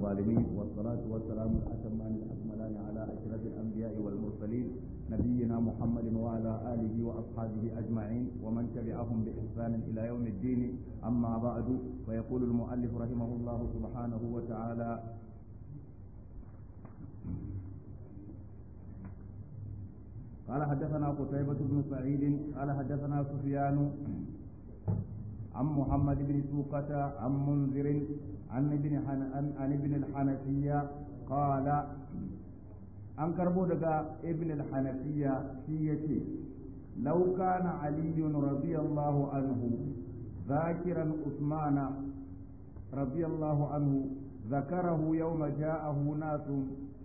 الظالمين والصلاة والسلام الأتمان الأكملان على أشرف الأنبياء والمرسلين نبينا محمد وعلى آله وأصحابه أجمعين ومن تبعهم بإحسان إلى يوم الدين أما بعد فيقول المؤلف رحمه الله سبحانه وتعالى قال حدثنا قتيبة بن سعيد قال حدثنا سفيان عن محمد بن سوقة عن منذر عن ابن عن, ابن الحنفية قال an karbo daga ibn al-hanafiya shi yace law kana ali radiyallahu anhu zakarahu usmana radiyallahu anhu ذكره يوم جاءه ناس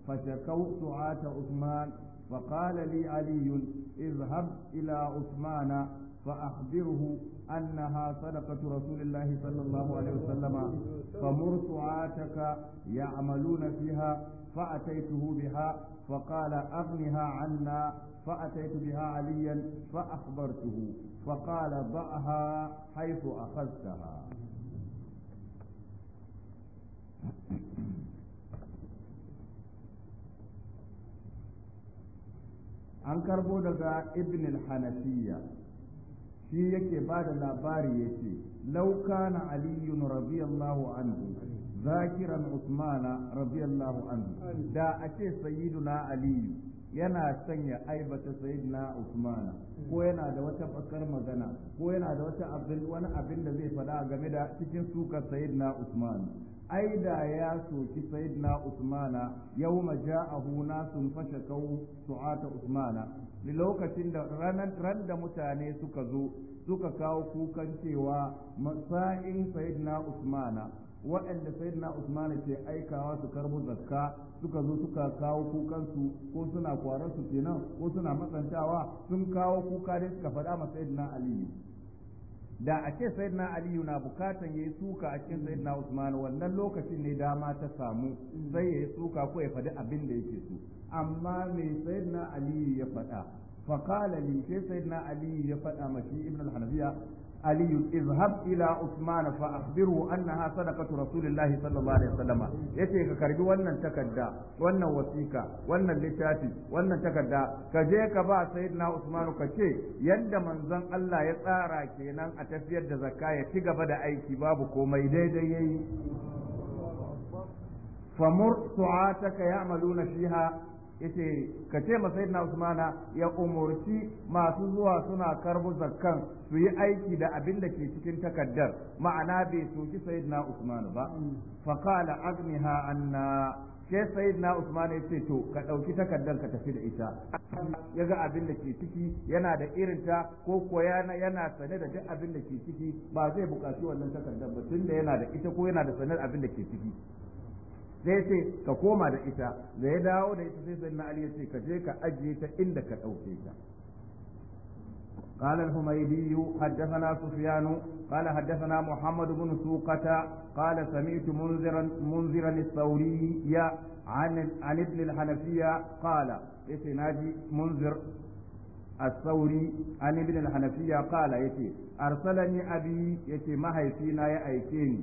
فشكوت عات عثمان فقال لي علي اذهب إلى عثمان فأخبره أنها صدقة رسول الله صلى الله عليه وسلم فمر سعاتك يعملون فيها فأتيته بها فقال أغنها عنا فأتيت بها عليا فأخبرته فقال ضعها حيث أخذتها an karbo daga ibn al-hanafiya shi yake ba da labari ya ce laukana aliyun radiyallahu anhu zakiran usmana radiyallahu anhu da a ce sayiduna aliyu yana sanya aibata sayyidina usmana ko yana da wata bakar magana ko yana da wata abin wani abin da zai faɗa game da cikin sukar sayyidina usman ai da ya soki sayyidina usmana yawma ja'ahu nasun fashakau su'ata usmana lokacin da ranar ran da mutane suka zo suka kawo kukan cewa masa'in sayyidina usmana waɗanda sayyidina usmana ke aikawa su karbu zakka suka zo suka kawo kukansu ko suna kwaran su kenan ko suna matsantawa sun kawo kuka dai suka faɗa ma sayyidina aliyu da a ce sayyidina aliyu na bukatan yayi suka a cikin sayyidina usman wannan lokacin ne dama ta samu zai yayi suka ko ya faɗi abin da yake so amma me sayyidina aliyu ya faɗa فقال لي aliyu ya faɗa mashi ibn al-hanafiya علي اذهب الى عثمان فاخبره انها صدقه رسول الله صلى الله عليه وسلم yace ka karbi wannan takarda wannan wasika wannan littafi wannan takarda ka je ka ba sayyidina Usman ka ce yanda manzon Allah ya tsara kenan a tafiyar da zakka ya ci gaba da aiki babu komai daidai yayi famur su'ataka ya'maluna fiha yace ka ce ma sayyidina usmana ya umurci masu zuwa suna karbu zakkan su yi aiki da abin da ke cikin takaddar ma'ana bai soki sayyidina usmana ba fa qala agniha anna sai sayyidina usman ya ce to ka dauki takardar ka tafi da ita ya ga abin da ke ciki yana da irinta ko ko yana sane da duk abin da ke ciki ba zai buƙaci wannan takardar ba tunda yana da ita ko yana da sanar abin da ke ciki sai ce ka koma da ita da ya dawo da ita sai sannan ali ya ce ka je ka ajiye ta inda ka ɗauke ta قال الحميدي حدثنا سفيان قال حدثنا محمد بن سوقة قال سمعت منذرا منذرا الثوري عن عن ابن الحنفية قال ايتي ناجي منذر الثوري عن ابن الحنفية قال ايتي ارسلني ابي ايتي ما هيتينا يا أيتيني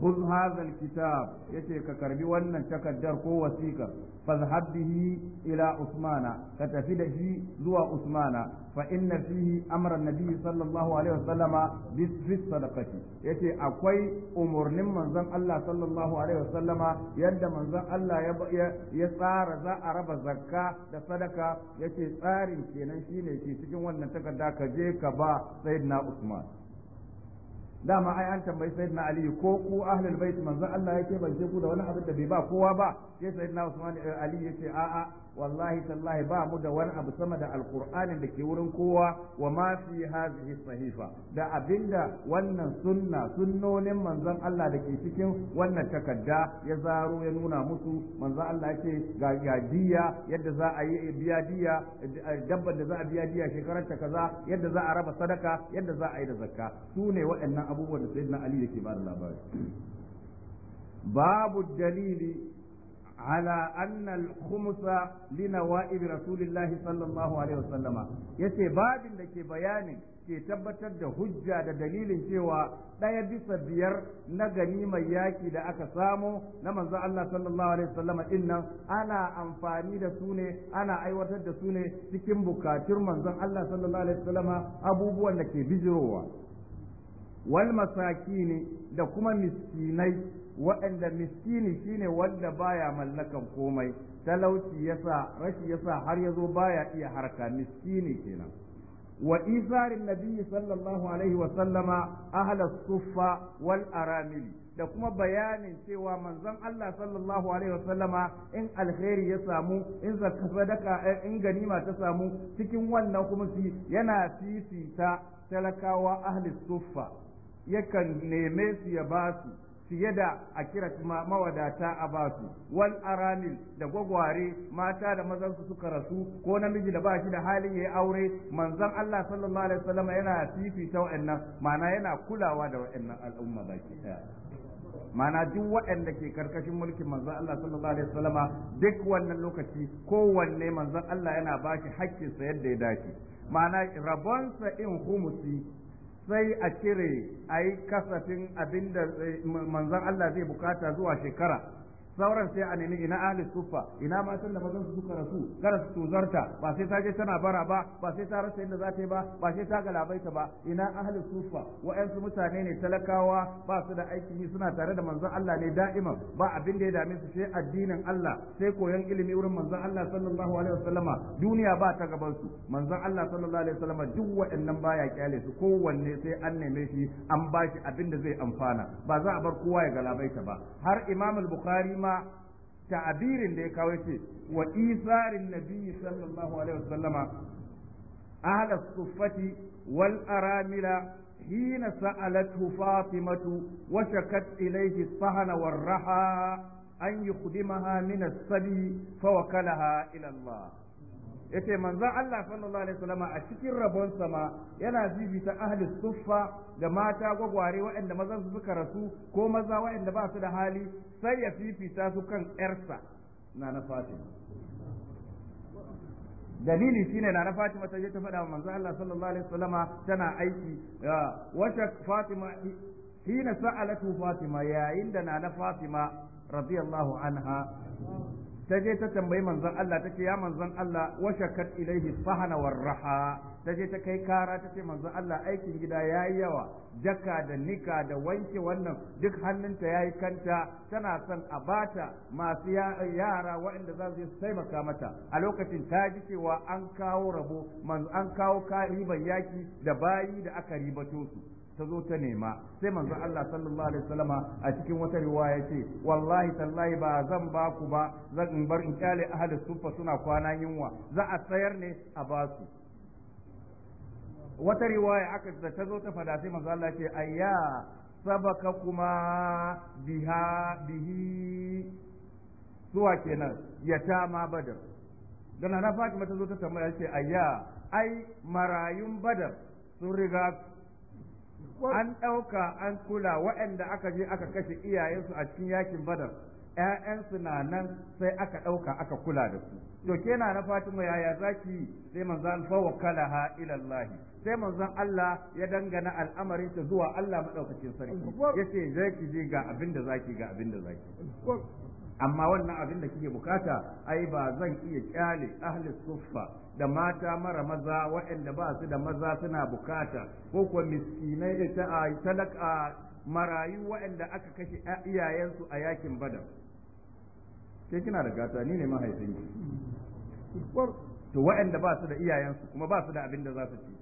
khudh hadha alkitab yace ka karbi wannan takardar ko wasiqa fazhab ila usmana ka tafi da shi zuwa usmana fa inna fihi amra nabi sallallahu alaihi wasallama bis sadaqati yace akwai umurnin manzon Allah sallallahu alaihi wasallama yadda manzon Allah ya tsara za a raba zakka da sadaka yace tsarin kenan shine ke cikin wannan takarda ka je ka ba sayyidina usman dama ai an tambayi sayyidina ali ko ku ahlul bait manzo Allah yake bance ku da wani abin da bai ba kowa ba sai sayyidina usman eh, ali yace a a wallahi tallahi ba mu da wani abu sama da alkur'ani da ke wurin kowa wa ma fi hadhihi sahifa da abinda wannan sunna sunnonin manzon Allah da ke cikin wannan takarda ya zaro ya nuna musu manzon Allah yake ga gadiya yadda za a yi biya diya da za a biya diya shekarar ta kaza yadda za a raba sadaka yadda za a yi da zakka su ne waɗannan abubuwan da sayyidina Ali yake ba da labari babu dalili على humusa الخمس لنوائب رسول الله صلى الله عليه وسلم يتي باب لكي بيان ke tabbatar da hujja da dalilin cewa ɗaya bisa biyar na mai yaki da aka samo na manzo Allah sallallahu alaihi wasallam din nan ana amfani da su ne ana aiwatar da su ne cikin bukatun manzon Allah sallallahu alaihi wasallama abubuwan da ke bijirowa wal ne da kuma miskinai waɗanda miskini shine wanda baya mallakan komai talauci yasa rashi yasa har yazo baya iya harka miskini kenan wa isarin nabiyyi sallallahu alaihi wa sallama ahla suffa wal aramili da kuma bayanin cewa manzon Allah sallallahu alaihi wa sallama in alkhairi ya samu in zakka sadaka eh, in ganima ta samu cikin wannan kuma yana sisita talakawa ahli suffa yakan neme su ya basu fiye da a kira mawadata a basu wal aramil da gwagware mata da mazan su suka rasu ko namiji da ba shi da halin yi aure manzon Allah sallallahu alaihi wasallam yana fifita wa'annan ma'ana yana kulawa da wa'annan al'umma baki daya ma'ana duk waɗanda ke karkashin mulkin manzon Allah sallallahu alaihi wasallama duk wannan lokaci kowanne manzon Allah yana ba bashi haƙƙinsa yadda ya dace ma'ana rabonsa in humusi sai a cire a yi kasafin abin da eh, manzan Allah zai bukata zuwa shekara sauran sai a nemi ina ahli sufa ina ma san da mazan su suka rasu kada su tuzarta ba sai ta je tana bara ba ba sai ta rasa inda za ta yi ba ba sai ta galabaita ba ina ahli sufa wa'ansu mutane ne talakawa ba su da aikin yi suna tare da manzon Allah ne da'iman ba abin da ya dame su sai addinin Allah sai koyon ilimi wurin manzon Allah sallallahu alaihi wasallama duniya ba ta gaban su manzon Allah sallallahu alaihi wasallama duk waɗannan baya kyale su kowanne sai an neme shi an ba shi abin da zai amfana ba za a bar kowa ya galabaita ba har imamul bukhari kuma ta'abirin da ya kawo ce wa isarin nabiyyi sallallahu alaihi wasallama ahla suffati wal aramila hina sa'alatu fatimatu wa shakat ilayhi sahana war raha an yukhdimaha min as-sabi fa wakalaha ila Allah yace manzon Allah sallallahu alaihi wasallam a cikin rabon sama yana bibita ahli suffa da mata gwagware waɗanda mazan su suka rasu ko maza waɗanda ba su da hali sai ya fifita su kan ƴarsa na na Fatima dalili shine na na Fatima ta je ta faɗa wa manzon Allah sallallahu alaihi wasallam tana aiki wata Fatima hina sa'alatu Fatima yayin da na na Fatima radiyallahu anha ta je ta tambayi manzon Allah ta ce ya manzon Allah wa shakkat ilaihi sahana raha ta je ta kai kara ta ce manzon Allah aikin gida yayi yawa jaka da nika da wanke wannan duk hannunta yayi kanta tana son a bata masu yara waɗanda za su taimaka mata a lokacin ta ji cewa an kawo rabo an kawo kariban yaki da bayi da aka ribato su ta zo ta nema sai manzo Allah sallallahu alaihi wasallama a cikin wata riwaya ce wallahi tallahi ba zan ba ku ba zan bar in kyale ahli sufa suna kwana yunwa za a sayar ne a basu wata riwaya aka da ta zo ta fada sai manzo Allah ce ayya sabaka kuma biha bihi suwa kenan ma badar dan na Fatima ta zo ta tambaya ce ayya ai marayun badar sun riga an ɗauka an kula waɗanda aka je aka kashe iyayensu a cikin yakin badar ‘ya'yansu na nan sai aka ɗauka aka kula da su. To kena na Fatima yaya za ki yi sai manzan kala ha ilallahi. Sai manzan Allah ya dangana al'amarin ta zuwa Allah maɗaukacin sarki. Ya ce zai je ga abin da za ki ga abin da za ki. amma wannan abin da kike bukata ai ba zan iya kyale ahli suffa da mata mara maza waɗanda ba su da maza suna bukata ko kuwa miskinai da talaka marayu waɗanda aka kashe iyayensu a yakin badar ke kina da gata ni ne mahaifinki to waɗanda ba su da iyayensu kuma ba su da abin da za su ci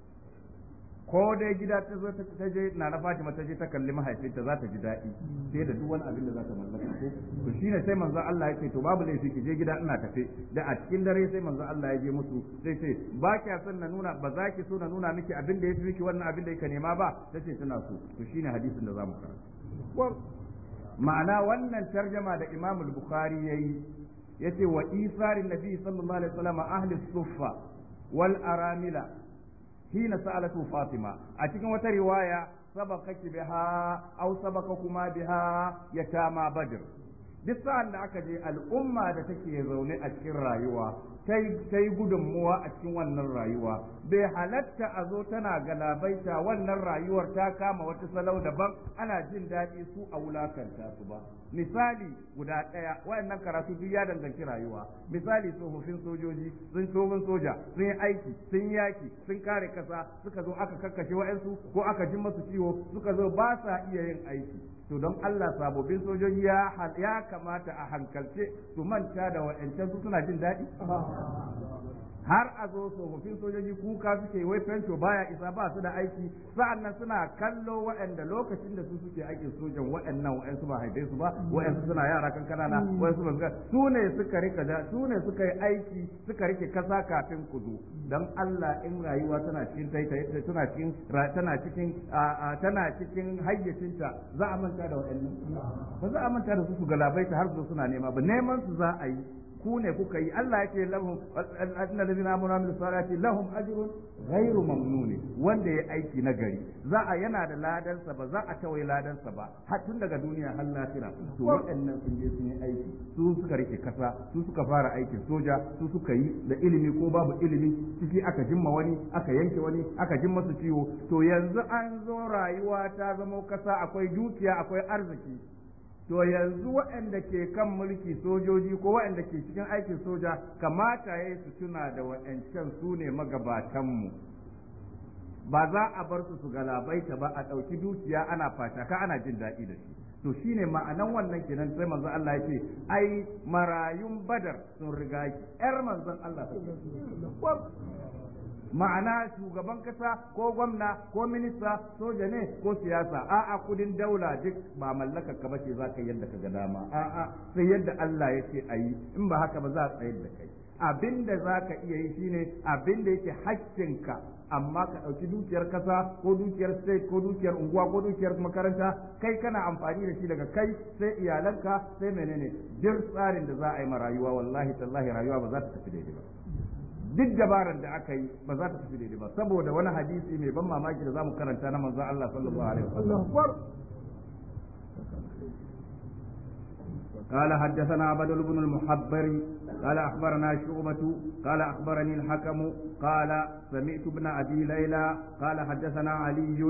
ko dai gida ta zo ta je na na Fatima ta je ta kalli mahaifinta za ta ji daɗi sai da duk wani abin da za ta mallaka ko to shine sai manzo Allah yake to babu laifi ki je gida ina tafe da a cikin dare sai manzo Allah ya je musu sai sai ba kya son na nuna ba za ki so na nuna miki abin da yafi miki wannan abin da yake nema ba tace tana so to shine hadisin da zamu karanta ma'ana wannan tarjama da Imam al-Bukhari yayi yace wa isarin nabi sallallahu alaihi wasallam ahli suffa wal aramila hina sa'alatu fatima a cikin wata riwaya sabakaki biha aw kuma biha yatama badr duk sa'an da aka je al'umma da take zaune a cikin rayuwa ta yi gudunmuwa a cikin wannan rayuwa bai halatta a zo tana galabaita wannan rayuwar ta kama wata salau daban ana jin daɗi su a wulakanta su ba misali guda ɗaya waɗannan karatu duk ya danganci rayuwa misali tsofaffin sojoji sun tsohon soja sun yi aiki sun yaki sun kare kasa suka zo aka kakkashe waɗansu ko aka ji masu ciwo suka zo ba sa iya yin aiki to don Allah sababbin sojoji ya kamata a hankalce su manta da wa'ancan su suna jin daɗi har a zo tsofaffin sojoji kuka suke wai fento baya isa ba su da aiki sa'annan suna kallo waɗanda lokacin da su suke aikin sojan waɗannan waɗansu ba haife su ba waɗansu suna yara kankanana waɗansu ba suka su ne suka rika da su ne suka yi aiki suka rike kasa kafin ku zo dan Allah in rayuwa tana cikin taita tana cikin tana cikin tana cikin hayyacinta za a manta da waɗannan ba za a manta da su su galabaita har su suna nema ba neman su za a yi ku ne kuka yi Allah yake lahum alladina ladina amanu salati lahum ajrun ghairu mamnun wanda ya aiki na gari za a yana da ladan sa ba za a tawai ladan sa ba har tun daga duniya har lafira to waɗannan sun je sun yi aiki su suka rike kasa su suka fara aikin soja su suka yi da ilimi ko babu ilimi ciki aka jimma wani aka yanke wani aka jimma su ciwo to yanzu an zo rayuwa ta zama kasa akwai dukiya akwai arziki to yanzu waɗanda ke kan mulki sojoji ko waɗanda ke cikin aikin soja kamata ya su tuna da waɗancan su ne magabatanmu ba za a bar su su galabaita ba a ɗauki dukiya ana fataka ana jin daɗi da shi to shi ne ma'anan wannan kenan sai manzon Allah ce, ai marayun badar sun riga yar manzon Allah ma'ana shugaban kasa ko gwamna ko minista soja ne ko siyasa a'a kudin daula duk ba mallaka ka bace za ka yadda ka ga dama a'a sai yadda Allah ya ce a yi in ba haka ba za a tsayar da kai abinda za ka iya yi shine abinda yake hakkinka amma ka ɗauki dukiyar kasa ko dukiyar state ko dukiyar unguwa ko dukiyar makaranta kai kana amfani da shi daga kai sai iyalanka sai menene duk tsarin da za a yi ma rayuwa wallahi tallahi rayuwa ba za ta tafi daidai ba duk dabarar da aka yi ba za ta tafi daidai ba saboda wani hadisi mai ban mamaki da zamu karanta na manzon Allah sallallahu alaihi wasallam قال حدثنا عبد بن المحبر قال أخبرنا شعبة قال أخبرني الحكم قال سمعت ابن أبي ليلى قال حدثنا علي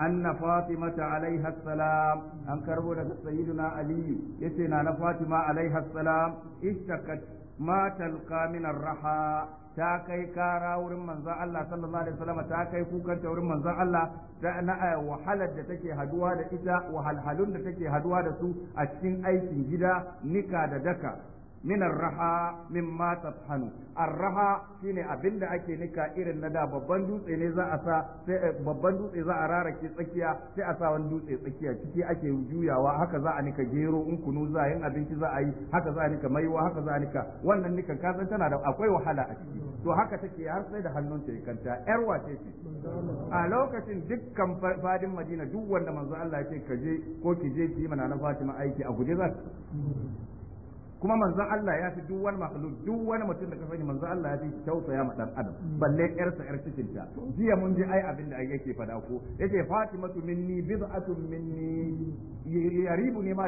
أن فاطمة عليها السلام أنكر سيدنا علي يسنا فاطمة عليها السلام اشتكت ma talqa min raha ta kai kara wurin manzon Allah sallallahu alaihi wasallam ta kai kukan ta wurin manzon Allah ta na wahalar da take haduwa da ita wahalhalun da take haduwa da su a cikin aikin gida nika da daka min arraha ma tafhanu arraha shine abinda ake nika irin na da babban dutse ne za a sa sai eh, babban dutse za a rarake tsakiya sai a sa wani dutse tsakiya ciki ake juyawa haka za a nika gero in kunu za a yin abinci za a yi haka za a nika maiwa haka za a nika wannan nikan ka san tana da akwai wahala a ciki to haka take har sai da hannun ta kanta yar wace ce a lokacin dukkan fadin Madina duk wanda manzo Allah ya ce ka ko ki je ki mana na Fatima aiki a guje za kuma manzon Allah ya fi duk wani makhluk duk wani mutum da ka sani manzon Allah ya fi tausaya ma dan adam hmm. balle yarsa yar cikin ta jiya mun ji ai abin da yake fada ko yace fatimatu minni bid'atun minni yaribu ne ma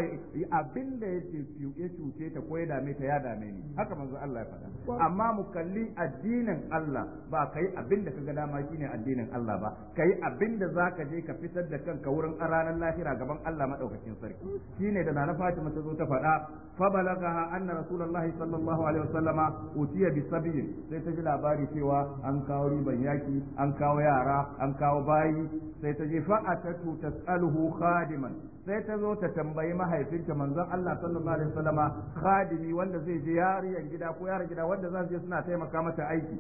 abin da yace ya cuce ta ko ya dame ta ya dame ni haka manzon Allah ya fada amma mu kalli addinin Allah ba kai abin da kaga dama shine addinin Allah ba kai abin da zaka je ka fitar da kanka wurin ranar lahira gaban Allah madaukakin sarki hmm. shine da na Fatima ta zo ta fada fa anna rasulullahi sallallahu alaihi wasallama utiya bi sabiyin sai ta ji labari cewa an kawo riban yaki an kawo yara an kawo bayi sai ta je fa'atatu tas'aluhu khadiman sai ta zo ta tambayi mahaifinta manzon Allah sallallahu alaihi wasallama khadimi wanda zai je yariyan gida ko yaran gida wanda za su je suna taimaka mata aiki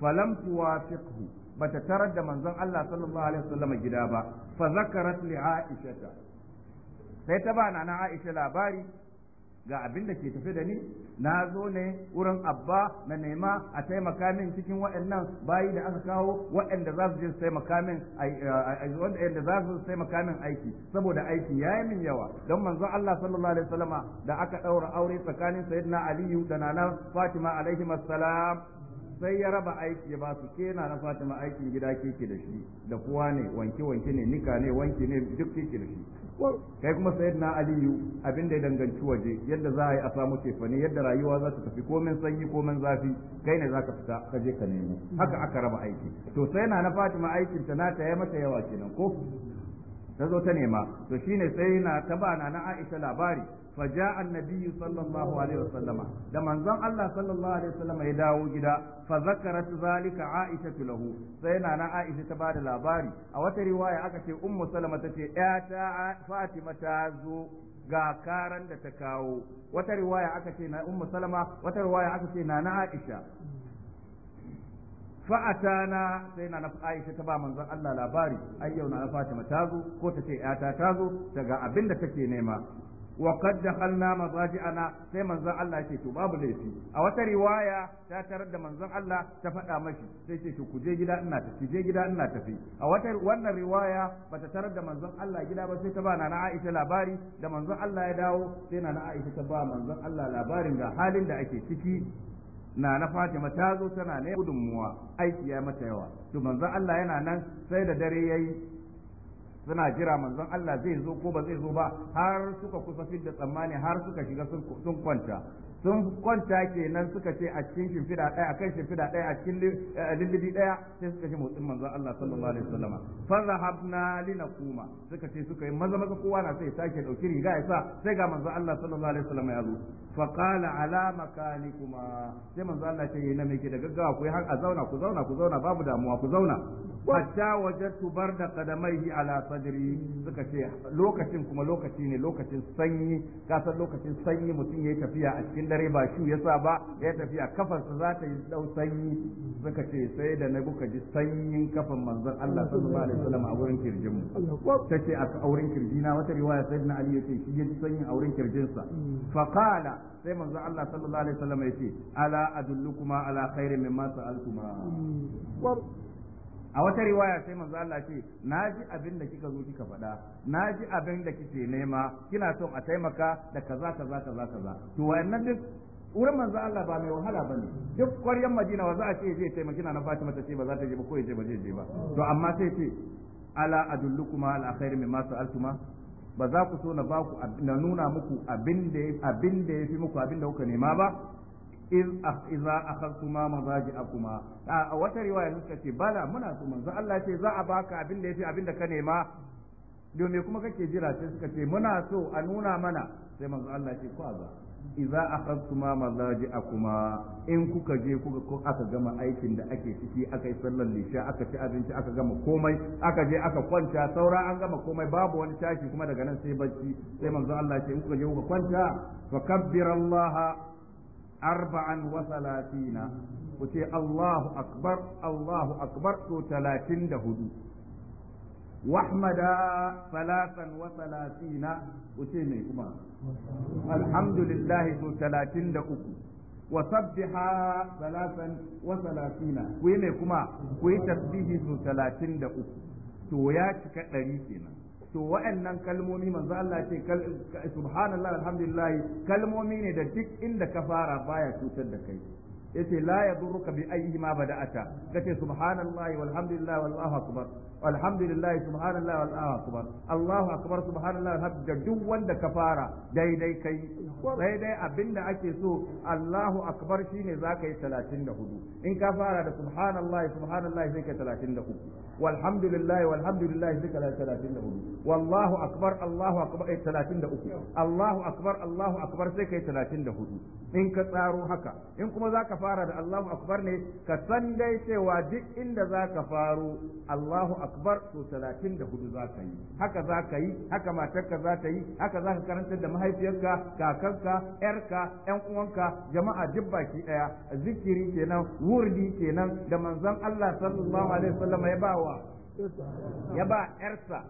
falam tuwafiqhu bata tarar da manzon Allah sallallahu alaihi wasallama gida ba fa zakarat li aisha sai ta ba nana Aisha labari ga abin da ke tafi da ni na zo ne wurin abba na nema a taimaka min cikin waɗannan bayi da aka kawo waɗanda za su je su taimaka min waɗanda za su taimaka min aiki saboda aiki ya yi min yawa don manzo Allah sallallahu alaihi wasallama da aka ɗaura aure tsakanin sayyidina Aliyu da nana Fatima alaihi assalam sai ya raba aiki ba su kena na Fatima aikin gida kike da shi da kuwa ne wanke wanke ne nika ne wanke ne duk kike da shi kai kuma sayar na aliyu abin da ya danganci waje yadda za a yi a samu cefane yadda rayuwa za ta tafi komen sanyi komen zafi kai ne za ka fita ka je ka nemo haka aka raba aiki to sai na na fatima aikin ta nata ya mata yawa kenan ko ta zo ta nema to shine sai na ta ba na na Aisha labari fa ja'a annabi sallallahu alaihi wasallama da manzon Allah sallallahu alaihi wasallama ya dawo gida fa zakarat zalika Aisha lahu sai na na Aisha ta bada labari a wata riwaya aka ce ummu Salama tace ya ta Fatima ta zo ga karan da ta kawo wata riwaya aka ce na ummu Salama wata riwaya aka ce na na Aisha fa'atana sai na na Aisha ta ba manzon Allah labari ai yau na Fatima ta zo ko ta ce yata ta zo daga abin da take nema wa qad dakhalna mazaji'ana sai manzon Allah yake to babu laifi a wata riwaya ta tarar da manzon Allah ta faɗa mashi sai ce to ku je gida ina tafi je gida ina tafi a wata wannan riwaya bata tarar da manzon Allah gida ba sai ta ba na Aisha labari da manzon Allah ya dawo sai na Aisha ta ba manzon Allah labarin ga halin da ake ciki na na Fatima ta zo tana ne gudunmuwa aiki ya mata yawa to manzon Allah yana nan sai da dare yayi suna jira manzon Allah zai zo ko ba zai zo ba har suka kusa fidda tsammani har suka shiga sun kwanta sun kwanta kenan suka ce a cikin shimfiɗa ɗaya a kan shimfiɗa ɗaya a cikin lullubi eh, eh, ɗaya sai suka ce motsin manzon Allah sallallahu alaihi wasallam fa Lina Kuma suka ce suka yi maza maza kowa na sai sake ɗauki riga ya sa sai ga manzon Allah sallallahu alaihi wasallam ya zo fa qala ala makanikuma sai manzon Allah ce yana miki da gaggawa ku yi har a zauna ku zauna ku zauna babu damuwa ku zauna Wata hatta wajadtu barda yi ala sadri suka ce lokacin kuma lokaci ne lokacin sanyi kasar lokacin sanyi mutum yi tafiya a cikin cikin dare ba shi ya sa ba ya tafiya kafarsa za ta yi dau sanyi suka ce sai da na buka ji sanyin kafan manzon Allah sallallahu alaihi wasallam a wurin kirjin mu tace a wurin na, wata riwaya sayyidina Ali yace shi ya ji sanyin a wurin kirjinsa fa qala sai manzon Allah sallallahu alaihi wasallam yace ala adullukuma ala khairin mimma sa'altuma a wata riwaya sai manzo Allah ce na ji abin da kika zo kika faɗa na ji abin da kike nema kina son a taimaka da kaza kaza kaza kaza to wannan duk wurin manzo Allah ba mai wahala bane duk ƙwaryar Madina wa za a ce je taimaki na Fatima ta ce ba za ta je ba ko je ba zai je ba to amma sai ce ala adullukuma al akhair mimma sa'altuma ba za ku so na ba ku na nuna muku abin da abin da yafi muku abin da kuka nema ba iz iza akhadtuma mazaji'akuma a wata riwaya suka ce bala muna so manzo Allah ce za a baka abin da yafi abin da ka nema domin kuma kake jira sai suka ce muna so a nuna mana sai manzo Allah ce ko ba iza akhadtuma mazaji'akuma in kuka je kuka ko aka gama aikin da ake ciki aka yi sallar lisha aka ci abinci aka gama komai aka je aka kwanta saura an gama komai babu wani tashi kuma daga nan sai bacci sai manzo Allah ce in kuka je kuka kwanta fakabbiru Allah arba'an wa salatina ku ce Allahu akbar Allahu akbar to talatin da hudu wahmada salasan wa salatina ku ce mai kuma alhamdulillah to talatin da uku wa sabbiha salasan wa salatina ku yi mai kuma ku yi tasbihi to talatin da uku to ya cika ɗari kenan to wa'annan kalmomi manzo Allah ce subhanallahi alhamdulillah kalmomi ne da duk inda ka fara baya cutar da kai yace la yadurruka bi ayyi ma bada'ata kace subhanallahi walhamdulillahi wallahu akbar subhanallahi wallahu akbar Allahu akbar subhanallahi da duk wanda ka fara daidai kai daidai abinda ake so Allahu akbar shine zaka yi 34 in ka fara da subhanallahi subhanallahi sai ka 33 walhamdulillahi walhamdulillahi sai ka 34 wallahu akbar Allahu akbar 33 eh, Allahu akbar Allahu akbar sai ka 34 in ka tsaro haka in kuma zaka fara fara da Allahu akbar ne ka san dai cewa duk inda za ka faru Allahu akbar to talatin da hudu za ka yi haka za ka yi haka matarka za ta yi haka za ka karantar da mahaifiyarka kakanka yarka yan uwanka jama'a duk baki daya zikiri kenan wurdi kenan da manzon Allah sallallahu alaihi wasallam ya bawa ya ba yarsa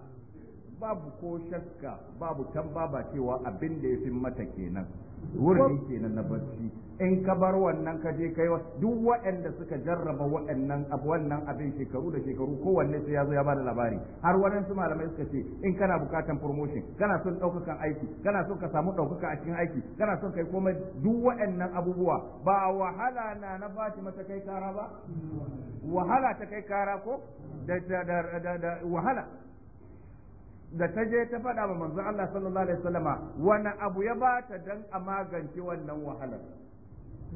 babu ko shakka babu ba cewa abin da ya fi mata kenan wurin kenan na barci in ka bar wannan ka je kai duk waɗanda suka jarraba waɗannan abu wannan abin shekaru da shekaru kowanne sai ya zo ya bada labari har wannan su malamai suka ce in kana bukatan promotion kana son ɗaukakan aiki kana son ka samu ɗaukaka a cikin aiki kana son kai komai duk waɗannan abubuwa ba wahala na na Fatima ta kai kara ba wahala ta kai kara ko da wahala da ta je ta faɗa wa manzon Allah sallallahu alaihi wasallama wani abu ya ba ta dan a magance wannan wahalar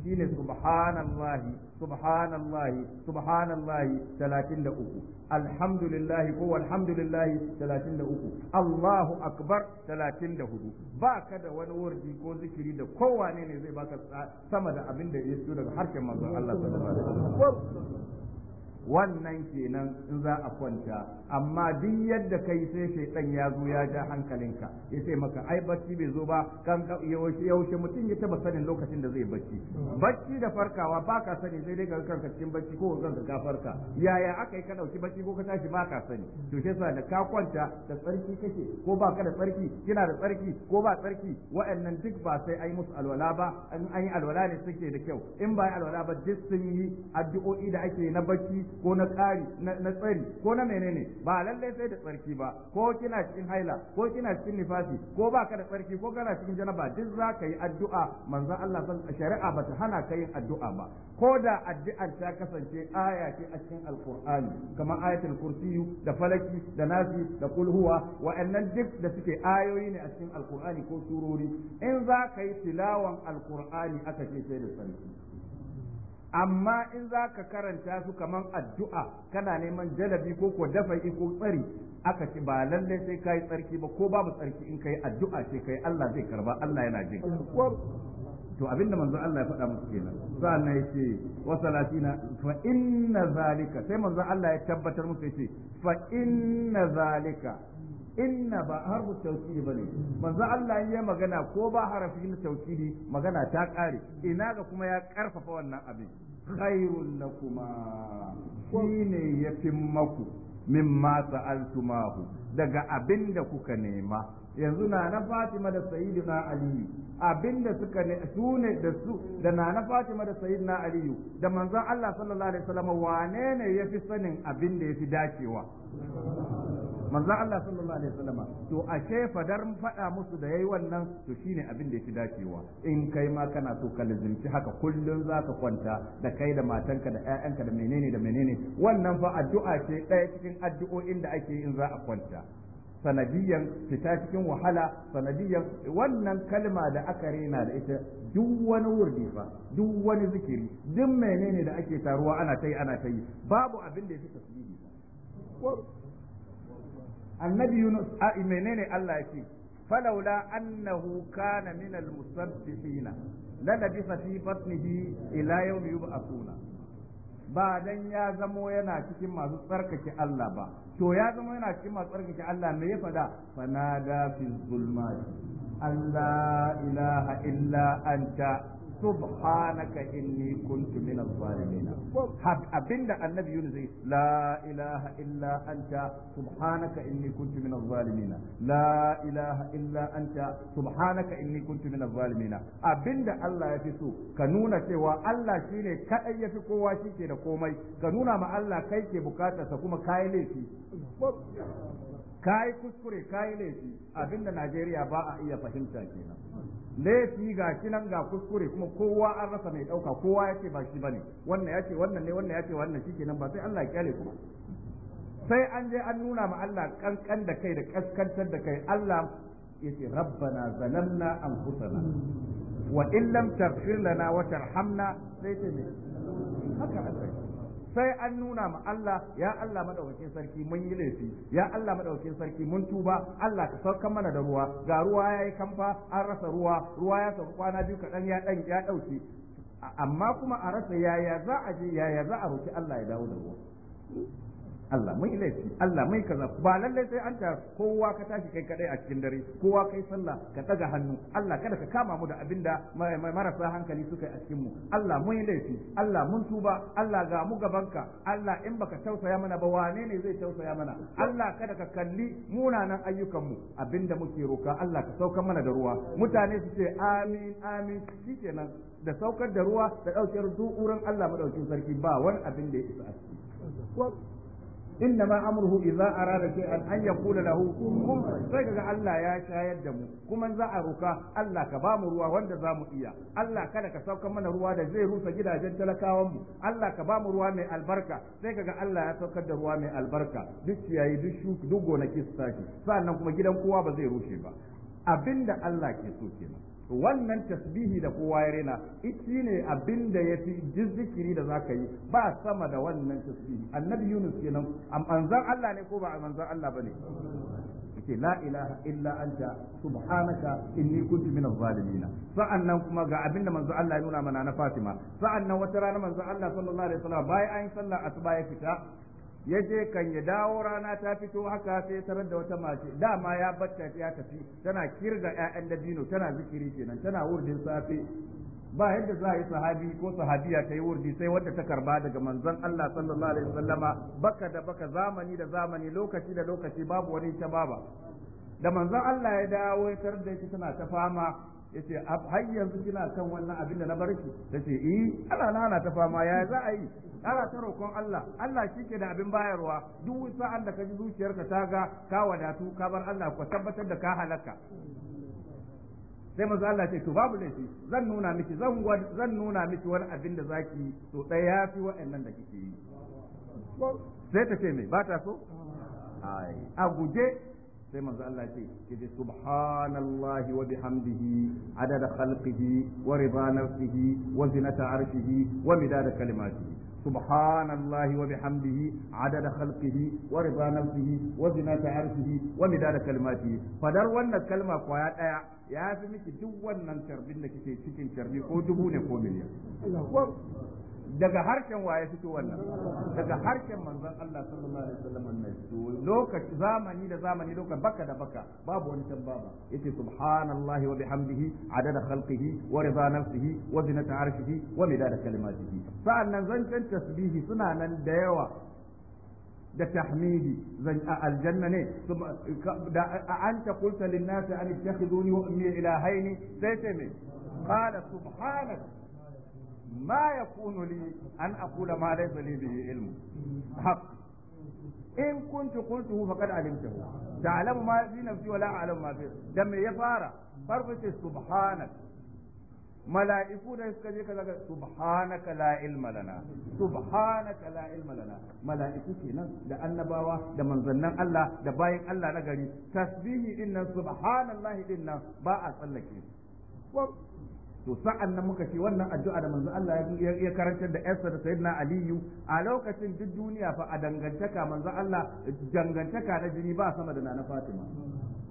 shine subhanallahi subhanallahi subhanallahi 33 alhamdulillah ko alhamdulillahi 33 Allahu akbar 34 ka da wani wurdi ko zikiri da kowane ne zai baka sama da abin da ya fito daga harshen manzon Allah sallallahu alaihi wasallam wannan kenan in za a kwanta amma duk yadda kai sai shaitan ya zo ya ja hankalinka ya ce maka ai bacci bai zo ba kan yaushe mutum ya taba sanin lokacin da zai bacci bacci da farkawa ba ka sani sai dai ga kanka cikin bacci ko kanka ka farka yaya aka yi ka dauki bacci ko ka tashi ba ka sani to shi yasa da ka kwanta da tsarki kake ko ba ka da tsarki kina da tsarki ko ba tsarki wa'annan duk ba sai ai musu alwala ba an yi alwala ne suke da kyau in ba alwala ba duk sun yi addu'o'i da ake na bacci ko na tsari na tsari ko na menene ba lalle sai da tsarki ba ko kina cikin haila ko kina cikin nifasi ko baka da tsarki ko kana cikin janaba duk za ka yi addu'a manzon Allah san shari'a ba ta hana ka yin addu'a ba ko da addu'ar ta kasance aya ce a cikin alqur'ani kamar ayatul kursiyu da falaki da nasi da kul huwa wa'annan duk da suke ayoyi ne a cikin alqur'ani ko surori in za ka yi tilawan alqur'ani aka ce sai da tsarki amma in za ka karanta su kamar addu'a kana neman jalabi ko ko dafa ko tsari aka ce ba lallai sai ka yi tsarki ba ko babu tsarki in ka yi addu'a sai ka yi Allah zai karba Allah yana jin to abinda manzon Allah ya faɗa musu kenan sannan yace wa salatina fa inna zalika sai manzon Allah ya tabbatar musu ya ce fa inna zalika inna ba harfu tawkidi bane manzo Allah ya magana ko ba harafi na tawkidi magana ta kare ina ga kuma ya karfafa wannan abin khairul lakuma shine yafi maku mimma sa'altumahu daga abinda kuka nema yanzu na na Fatima da Sayyidina Ali abinda suka ne su ne da su da na na Fatima da Sayyidina Ali da manzon Allah sallallahu alaihi wasallam wane ne yafi sanin abinda yafi dacewa manzon Allah sallallahu alaihi wasallam to ashe fadar fada musu da yayi wannan to shine abin da yake dacewa in kai ma kana so ka lazimci haka kullun zaka kwanta da kai da matanka da ƴaƴanka da menene da menene wannan fa addu'a ce ɗaya cikin addu'o'in da ake in za a kwanta sanadiyan fita cikin wahala sanadiyan wannan kalma da aka rena da ita duk wani wurdi fa duk wani zikiri duk menene da ake taruwa ana ta yi ana ta yi babu abin da ya fi tasbihi annabi yunus a menene Allah ya ce falaula annahu kana min al-musabbihina la labisa fi batnihi ila yawmi yub'athuna ba dan ya zamo yana cikin masu tsarkake Allah ba to ya zamo yana cikin masu tsarkake Allah me ya fada fanada fi zulmati Allah ilaha illa anta subhanaka inni kuntu min az-zalimin abinda annabi yunus zai la ilaha illa anta subhanaka inni kuntu min az-zalimin la ilaha illa anta subhanaka inni kuntu min az-zalimin abinda Allah ya fi so ka nuna cewa Allah shine kadai ya fi kowa shike da komai ka nuna ma Allah kai ke bukatarsa kuma kai laifi kai kuskure kai laifi abinda Najeriya ba a iya fahimta kenan laifi ga shi nan ga kuskure kuma kowa an rasa mai dauka kowa ce ba shi bane wannan ce wannan ne wannan yace wannan shikenan ba sai Allah ya kyale ku sai an je an nuna ma Allah kankan da kai da kaskantar da kai Allah yace rabbana zalamna anfusana wa illam lam lana wa tarhamna sai ce ne haka Allah sai an nuna ma Allah ya Allah madaukakin sarki mun yi laifi ya Allah madaukakin sarki mun tuba Allah ka sauka mana da ruwa ga ruwa yayi kamfa an rasa ruwa ruwa ya sauka kwana biyu kadan ya dan ya dauke amma kuma a rasa yaya za a je yaya za a roki Allah ya dawo da ruwa Allah mai laifi Allah mai kaza ba lallai sai an ta kowa ka tashi kai kadai a cikin dare kowa kai sallah ka daga hannu Allah kada ka kama mu da abinda marasa hankali suka yi a cikin mu Allah mai laifi Allah mun tuba Allah ga mu gabanka Allah in baka tausaya mana ba wane ne zai tausaya mana Allah kada ka kalli munanan ayyukan mu abinda muke roka Allah ka saukar mana da ruwa mutane su ce amin amin shikenan da saukar da ruwa da ɗaukar zuƙuran Allah madaukin sarki ba wani abin da ya isa a ciki. inna ma amruhu idza arada shay'an an yaqula lahu kun sai kaga Allah ya shayar da mu kuma za a ruka Allah ka bamu ruwa wanda za mu iya Allah kada ka sauka mana ruwa da zai rusa gidajen talakawan mu Allah ka bamu ruwa mai albarka sai kaga Allah ya saukar da ruwa mai albarka duk ciyayi duk shuka duk gonaki su tashi sannan kuma gidan kowa ba zai rushe ba abinda Allah ke so kenan wannan tasbihi da kowa ya rena ici ne abin da ya fi zikiri da zaka yi ba sama da wannan tasbihi annabi yunus kenan am anzan Allah ne ko ba manzan Allah bane yace la ilaha illa anta subhanaka inni kuntu minaz zalimin sa'annan kuma ga abinda manzo Allah ya nuna mana na Fatima sa'annan wata rana manzo Allah sallallahu alaihi wasallam bayan an sallar asuba ya fita ya je kan ya dawo rana ta fito haka sai tarar da wata mace dama ya bacca ya tafi tana kirga ƴaƴan dabino tana zikiri kenan tana wurdin safe ba yadda za a yi sahabi ko sahabiya ta yi wurdi sai wadda ta karba daga manzon Allah sallallahu alaihi wasallama baka da baka zamani da zamani lokaci da lokaci babu wani ta baba da manzon Allah ya dawo ya tarar da ita tana ta fama yace har yanzu kina kan wannan abin da na bar ki tace eh ana nana ta fama ya za a yi ana ta roƙon Allah Allah shike da abin bayarwa duk sa'an da ka ji zuciyarka ta ga ka wadatu ka bar Allah ka tabbatar da ka halaka sai manzo Allah ce to babu laifi zan nuna miki zan zan nuna miki wani abin da zaki to dai yafi wa'annan da kike yi sai ta ce me ba ta so ah. ai a guje sai manzo Allah ce yace subhanallahi wa bihamdihi adada khalqihi wa rida nafsihi wa zinata arshihi wa midada kalimatihi سبحان الله وبحمده عدد خلقه ورضا نفسه وزنة عرشه ومداد كلماته فدر wannan kalma kwaya daya ya fi miki duk wannan tarbin da kike cikin tarbi ko dubu ne ko miliyan daga harshen waye fito wannan daga harshen manzon Allah sallallahu alaihi wasallam nan lokaci zamani da zamani lokaci baka da baka babu wani tambaba yace subhanallahi wa bihamdihi adada khalqihi wa rida nafsihi wa zinata arshihi wa midada kalimatihi sa'annan zancen tasbihi suna nan da yawa da tahmidi zan aljanna ne da anta qulta lin nasi an ittakhiduni wa ummi ilahaini sai ce me qala subhanaka ma yakunu li an aqula ma laysa li bihi ilmu haqq in kuntu qultuhu faqad alimtahu ta'lamu ma fi nafsi wa a'lamu ma fi me ya fara farko ce mala'iku da suka je kaza ga subhanaka la ilma lana subhanaka la ilma mala'iku kenan da annabawa da manzannan Allah da bayan Allah na gari tasbihi inna subhanallahi dinnan ba a tsallake to sa'an nan muka ce wannan addu'a da manzo Allah ya karantar da Esther da Sayyidina Aliyu a lokacin duk duniya fa a dangantaka manzo Allah dangantaka na jini ba sama da Nana Fatima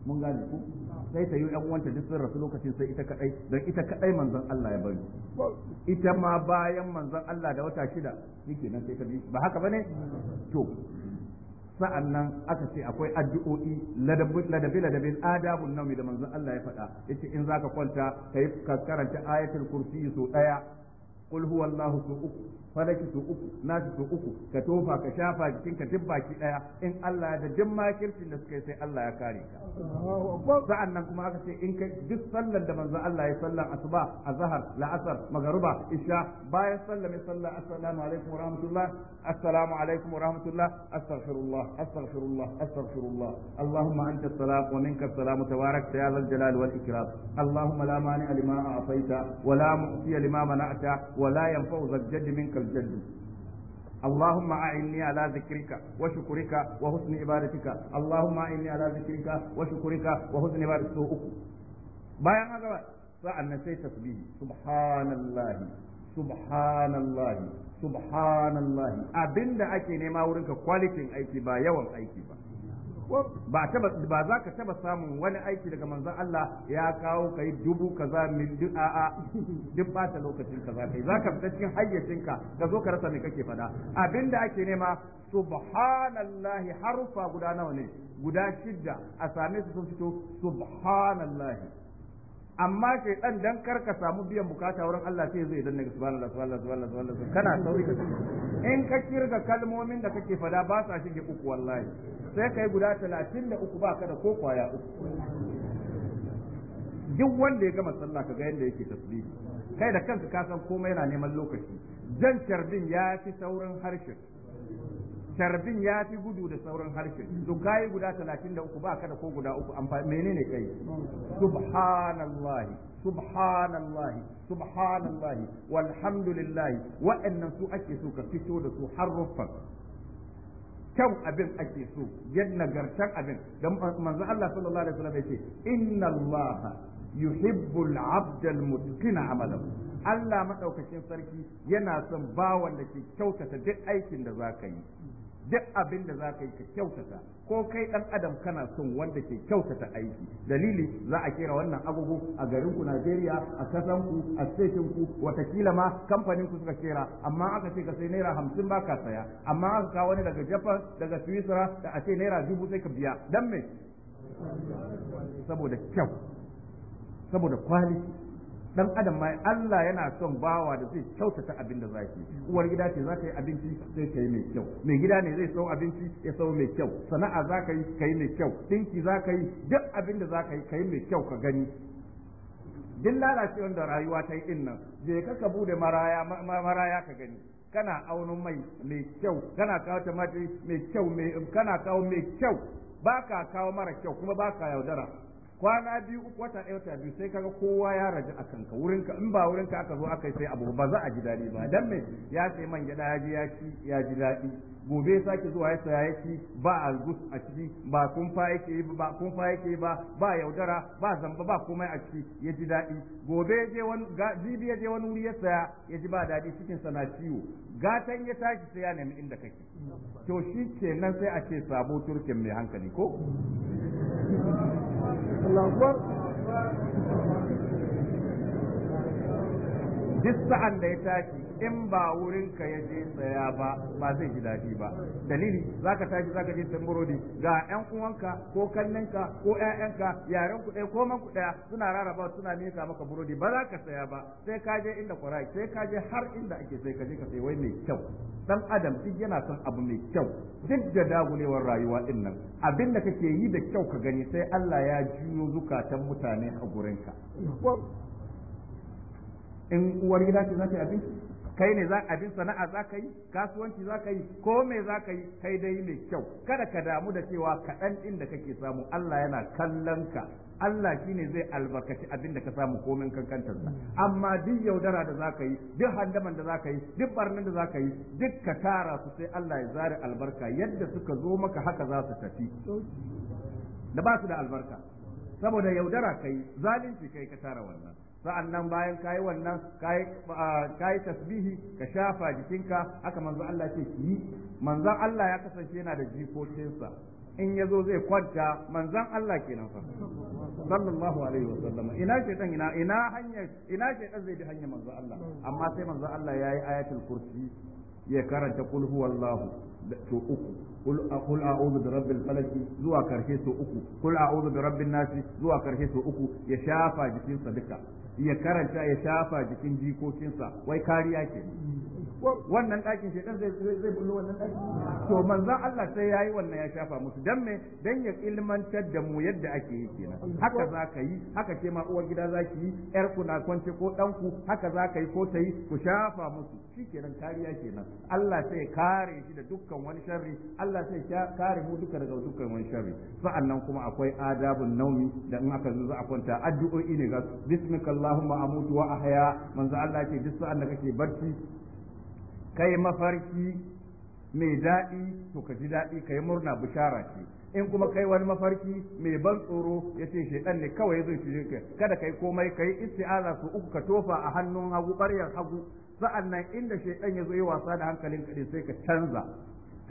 mun gane ku sai ta yi ɗan uwanta duk sun rasu lokacin sai ita kadai dan ita kadai manzon Allah ya bari ita ma bayan manzon Allah da wata shida yake nan sai ta ba haka bane to sa'an aka ce akwai addu'o'i ladabi ladabin adabun naumi da manzon Allah ya faɗa yace in za ka kwanta kai ka karanta ayatul kursi su ɗaya qul huwallahu uku falaki so uku nasu so uku ka tofa ka shafa jikin ka duk baki daya in Allah da duk makircin da suka yi sai Allah ya kare ka sa'an nan kuma aka ce in kai duk sallar da manzo Allah ya sallan asuba azhar la'asar magruba isha bayan sallame sallar assalamu alaikum wa rahmatullah assalamu alaikum wa rahmatullah astaghfirullah astaghfirullah astaghfirullah allahumma anta as-salam wa minka as-salam tabarak ya zal jalal wal ikram allahumma la mani lima a'taita wa la mu'ti lima mana'ta wa la yanfa'u zal jadd minka الجد اللهم أعني على ذكرك وشكرك وحسن عبادتك اللهم أعني على ذكرك وشكرك وحسن عبادتك bayan haka sa'an sai tasbihi subhanallahi subhanallahi subhanallahi abinda ake nema wurinka kwalitin aiki ba yawan aiki ba ba za ka taba samun wani aiki daga manzon Allah ya kawo kai dubu kaza min du'a a duk ta lokacin kaza kai za ka fita cikin hayyacinka ka zo ka rasa me kake faɗa abinda ake nema subhanallahi harufa guda nawa ne guda shidda a same su sun fito subhanallahi amma ke dan dan karka samu biyan bukata wurin Allah sai zai dan daga subhanallah subhanallah subhanallah kana sauri ka in ka kirga kalmomin da kake fada ba sa shige uku wallahi sai kai guda talatin da uku baka da ko kwaya uku duk wanda ya gama sallah ka ga yadda yake tasbihi kai da kanka ka san komai yana neman lokaci jan tarbin ya fi saurin harshen tarbin ya fi gudu da sauran harshe to kai guda talatin da uku ba ka da ko guda uku amfani menene kai subhanallah subhanallah subhanallah walhamdulillah wa'annan su ake so ka fito da su haruffan kyau abin ake so yadda nagartar abin dan manzo Allah sallallahu alaihi wasallam yace inna Allah yuhibbul abdal mutqina amalahu Allah madaukakin sarki yana son bawan da ke kyautata duk aikin da zaka yi duk abin da za ka yi ka kyautata ko kai ɗan adam kana son wanda ke kyautata aiki dalili za a kera wannan agogo a garin ku Najeriya a kasan ku a station ku watakila ma kamfanin ku suka kera amma aka ce ka sai naira hamsin ba ka saya amma aka kawo wani daga Japan daga Switzerland da a ce naira dubu sai ka biya dan me saboda kyau saboda kwaliti dan adam mai Allah yana son bawa da zai kyautata abin da zaki uwar gida ce za ta yi abinci sai ta yi mai kyau mai gida ne zai sau abinci ya sau mai kyau sana'a za ka yi kai mai kyau dinki za ka yi duk abin da za ka yi kai mai kyau ka gani din lalacewar da rayuwa ta yi innan, nan je ka ka bude maraya maraya ka gani kana aunin mai mai kyau kana kawo tumatir mai kyau kana kawo mai kyau ba ka kawo mara kyau kuma ba ka yaudara kwana biyu uku wata ɗaya wata biyu sai kaga kowa ya raji a kanka wurin ka in ba wurin ka aka zo aka yi sai abu ba za a ji daɗi ba dan me ya sai man gyaɗa ya ji ya ci ya ji daɗi gobe sake zuwa ya saya ya ci ba algus a ciki ba kumfa yake ba kumfa yake ba ba yaudara ba zamba ba komai a ciki ya ji daɗi gobe ya je wani jibi ya je wani wuri ya saya ya ji ba daɗi cikin sana ciwo gatan ya tashi sai ya nemi inda kake to shi kenan sai a ce sabo turkin mai hankali ko الله أكبر duk sa'an da ya tashi in ba wurin ka ya je tsaya ba ba zai ji daɗi ba dalili zaka tashi zaka je sayan burodi ga ƴan uwanka ko kannenka ko ƴaƴanka yaren ku ɗaya ko man ku ɗaya suna rarraba suna nesa maka burodi ba za ka saya ba sai ka je inda kwarai sai ka je har inda ake sai ka je ka sai wai mai kyau dan adam duk yana son abu mai kyau duk da dagulewar rayuwa din nan abin da kake yi da kyau ka gani sai Allah ya juyo zukatan mutane a gurinka in uwar gida ce za ta abinci kai ne za abin sana'a za ka yi kasuwanci za ka yi ko me za ka yi kai dai mai kyau kada ka damu da cewa kaɗan ɗin da kake samu Allah yana kallon ka Allah shine zai albarkaci abin da ka samu komin kankantar sa amma duk yaudara da za ka yi duk handaman da za ka yi duk barnin da za ka yi duk ka tara su sai Allah ya zare albarka yadda suka zo maka haka za su tafi da ba su da albarka saboda yaudara kai zalunci kai ka tara wannan nan bayan kayi wannan kayi tasbihi ka shafa jikinka haka manzo Allah ke yi manzon Allah ya kasance yana da jikokinsa in ya zo zai kwanta manzon Allah ke nan fa sallallahu alaihi wa sallam ina shaitan ina ina hanya ina shaitan zai bi hanya manzo Allah amma sai manzo Allah yayi ayatul kursi ya karanta kul huwallahu to uku kul a'udhu bi rabbil falaq zuwa karshe to uku kul a'udhu bi rabbin nas zuwa karshe to uku ya shafa jikinsa duka ya karanta ya shafa jikin jikokinsa wai kariya ke wannan ɗakin shaidan zai zai bullo wannan ɗakin to manzan Allah sai ya yi wannan ya shafa musu don me don ya ilmantar da mu yadda ake yi kenan haka za ka yi haka ce ma uwar gida za ki yi yar ku na kwance ko ɗanku ku haka za ka yi ko ta yi ku shafa musu shi kenan kariya kenan Allah sai kare shi da dukkan wani sharri Allah sai ya kare mu duka daga dukkan wani sharri sa'annan kuma akwai adabun naumi da in aka zo za a kwanta addu'o'i ne ga bismillah Allahumma amutu wa ahya manzo Allah ce duk sa'an da kake barci kai mafarki mai daɗi to ka ji daɗi ka yi murna bishara ce in kuma kai wani mafarki mai ban tsoro ya ce shaidan ne kawai zai cije ka kada kai komai ka yi isti'aza su uku ka tofa a hannun hagu ɓaryar hagu sa'an nan inda shaidan ya zo yi wasa da hankalin kaɗai sai ka canza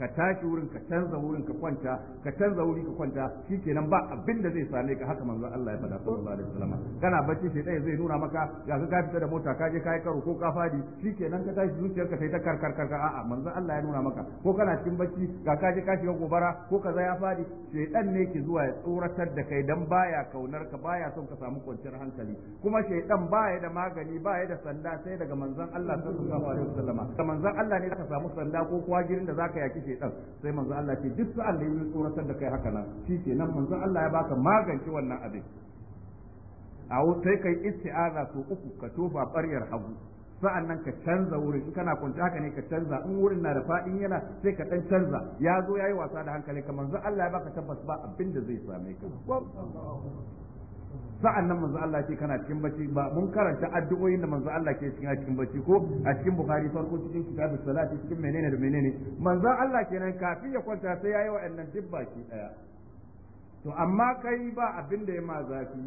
ka tashi wurin ka canza wurin ka kwanta ka canza wuri ka kwanta shikenan ba abin da zai same ka haka manzo Allah ya faɗa sallallahu alaihi wasallam kana bacci sai dai zai nuna maka ga ka fita da mota ka je kai karo ko ka fadi shikenan ka tashi zuciyarka sai ta karkar karkar a'a manzo Allah ya nuna maka ko kana cikin bacci ga ka je ka shiga gobara ko kaza ya fadi shedan ne ke zuwa ya tsoratar da kai dan baya kaunar ka baya son ka samu kwanciyar hankali kuma shedan baya da magani baya da sanda sai daga manzon Allah sallallahu alaihi wasallam manzon Allah ne zaka samu sanda ko kwagirin da zaka yaki shedan sai manzo Allah ce duk sa'an da yi tsoratar da kai haka nan nan manzo Allah ya baka magance wannan abin a sai kai isti'aza su uku ka tofa baryar hagu sa'an nan ka canza wurin in kana kwanci haka ne ka canza in wurin na da faɗin yana sai ka ɗan canza ya zo ya yi wasa da hankali kamar manzo Allah ya baka tabbas ba abin da zai same ka sa'an nan manzo Allah ke kana cikin bacci ba mun karanta addu'o'in da manzo Allah ke cikin cikin bacci ko a cikin Bukhari farko cikin kitabu salati cikin menene da menene manzo Allah kenan kafin ya kwanta sai yayi wa'annan duk baki daya to amma kai ba abin da ya ma zafi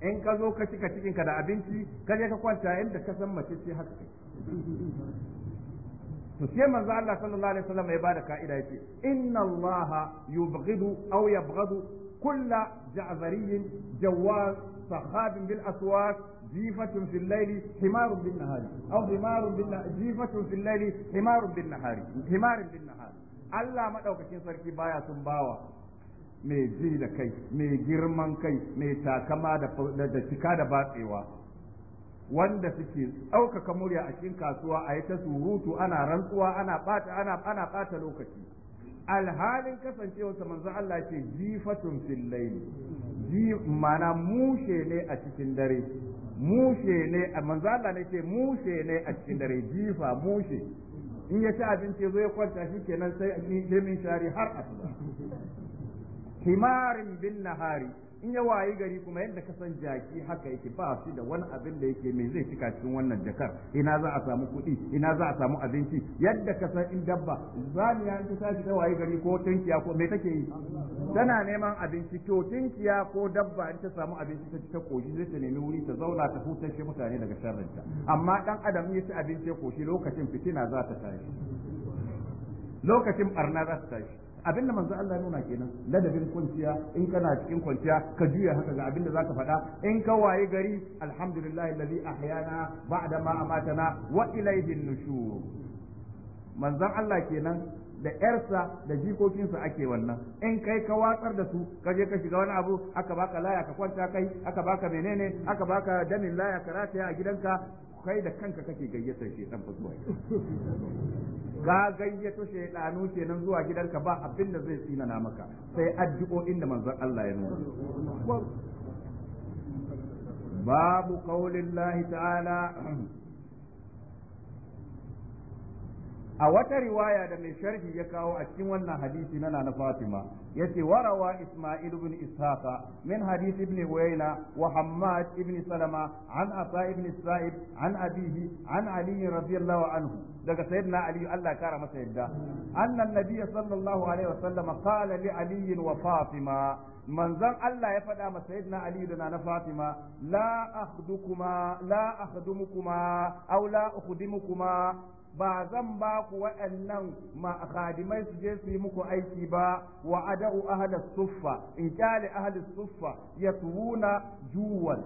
in ka zo ka cika cikin ka da abinci ka je ka kwanta inda ka san mace ce haka to sai manzo Allah sallallahu alaihi wasallam ya bada ka'ida yace inna Allah yubghidu aw yabghadu Kulla جعفري جواز صخاب بالأسواق جيفة في الليل حمار بالنهار أو Allah maɗaukakin sarki baya sun bawa mai da kai mai girman kai mai takama da cika da batsewa wanda suke ɗaukaka murya a cikin kasuwa a yi ta surutu ana rantsuwa ana ɓata lokaci alhalin kasancewarsa manzo Allah ce jifatun fil layl ji mana mushe ne a cikin dare mushe ne manzo Allah ne ce mushe ne a cikin dare jifa mushe in ya ci abinci zo ya kwanta shi kenan sai ni lemin shari har asuba himarin bin nahari in ya wayi gari kuma yadda ka san jaki haka yake ba su da wani abin da yake mai zai cika cikin wannan jakar ina za a samu kuɗi ina za a samu abinci yadda ka san in dabba mu in ta tashi ta wayi gari ko tunkiya ko mai take yi tana neman abinci to tunkiya ko dabba in ta samu abinci ta ta koshi zai ta nemi wuri ta zauna ta hutar shi mutane daga sharrinta amma dan adam ya ci abinci ya koshi lokacin fitina za ta tashi lokacin barna za ta tashi abinda manzo Allah nuna kenan ladabin kwanciya in kana cikin kwanciya ka juya haka ga abinda zaka faɗa in ka waye gari alhamdulillahi alladhi ahyana ba'da ma amatana wa ilayhi nushur manzon Allah kenan da ƴarsa da jikokinsa ake wannan in kai ka watsar da su ka je ka shiga wani abu aka baka laya ka kwanta kai aka baka menene aka baka damin laya ka rataya a gidanka kai da kanka kake gayyatar shedan fa zuwa ka gayyato shedanu nan zuwa gidanka ba abin da zai na maka sai addu'o'in da manzon Allah ya nuna babu qaulillahi ta'ala a wata riwaya da mai sharhi ya kawo a cikin wannan hadisi na na Fatima yace warawa Isma'il ibn Ishaqa min hadisi ibn Uwayna wa Hammad ibn Salama an Asa ibn Sa'ib an abihi an Ali radiyallahu anhu daga sayyidina Ali Allah ya kara masa yadda annan nabiy sallallahu alaihi wasallam qala li Ali wa Fatima manzon Allah ya faɗa ma sayyidina Ali da na Fatima la akhdukuma la akhdumukuma aw la ukhdimukuma ba zan ba ku waɗannan ma khadimai su je su yi muku aiki ba wa ada'u ahli suffa in kyale ahli suffa yatwuna juwal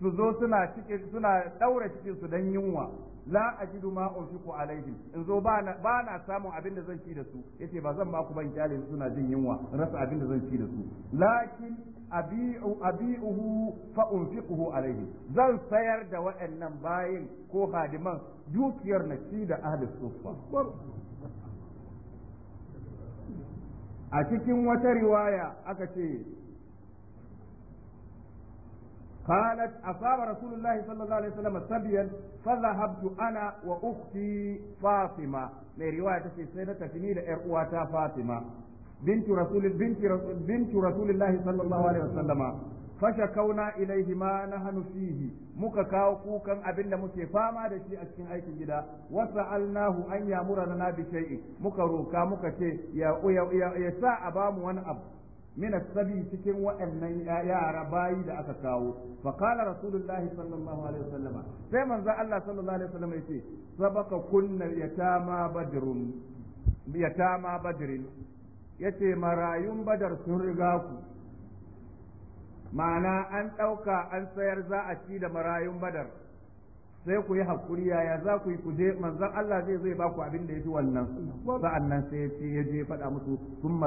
su zo suna cike suna daura cikin su dan yunwa la ajidu ma ufiku alaihim in zo ba na samun abin da zan ci da su yace ba zan ba ku ban kyale suna jin yunwa rasa abin da zan ci da su lakin abi'u abi'uhu fa unfiquhu alaihi zan sayar da waɗannan bayin ko hadiman dukiyar na shi da ahli sufa a cikin wata riwaya aka ce قالت أصاب رسول الله صلى الله عليه وسلم صبيا فذهبت أنا وأختي فاطمة من رواية سيدة تنيد إرواتا فاطمة بنت رسول بنت رسول, بنت رسول الله صلى الله عليه وسلم Fasha fashakauna ilaihi ma nahnu fihi muka kawo kukan abinda muke fama da shi a cikin aikin gida wa sa'alnahu an na bi shay'in muka roka muka ce ya ya sa a bamu wani abu من السبي cikin wa'annan yara bayi da aka kawo fa qala rasulullah sallallahu alaihi wasallam sai manzo Allah sallallahu alaihi wasallam yace sabaka kunna yatama badrun yatama badrin yace marayun badar sun riga ku ma'ana an ɗauka an sayar za a ci da marayun badar sai ku yi hakuri yaya za ku yi ku je Allah zai zai baku abin da ya fi wannan sa'an nan sai ya ce ya je faɗa musu sun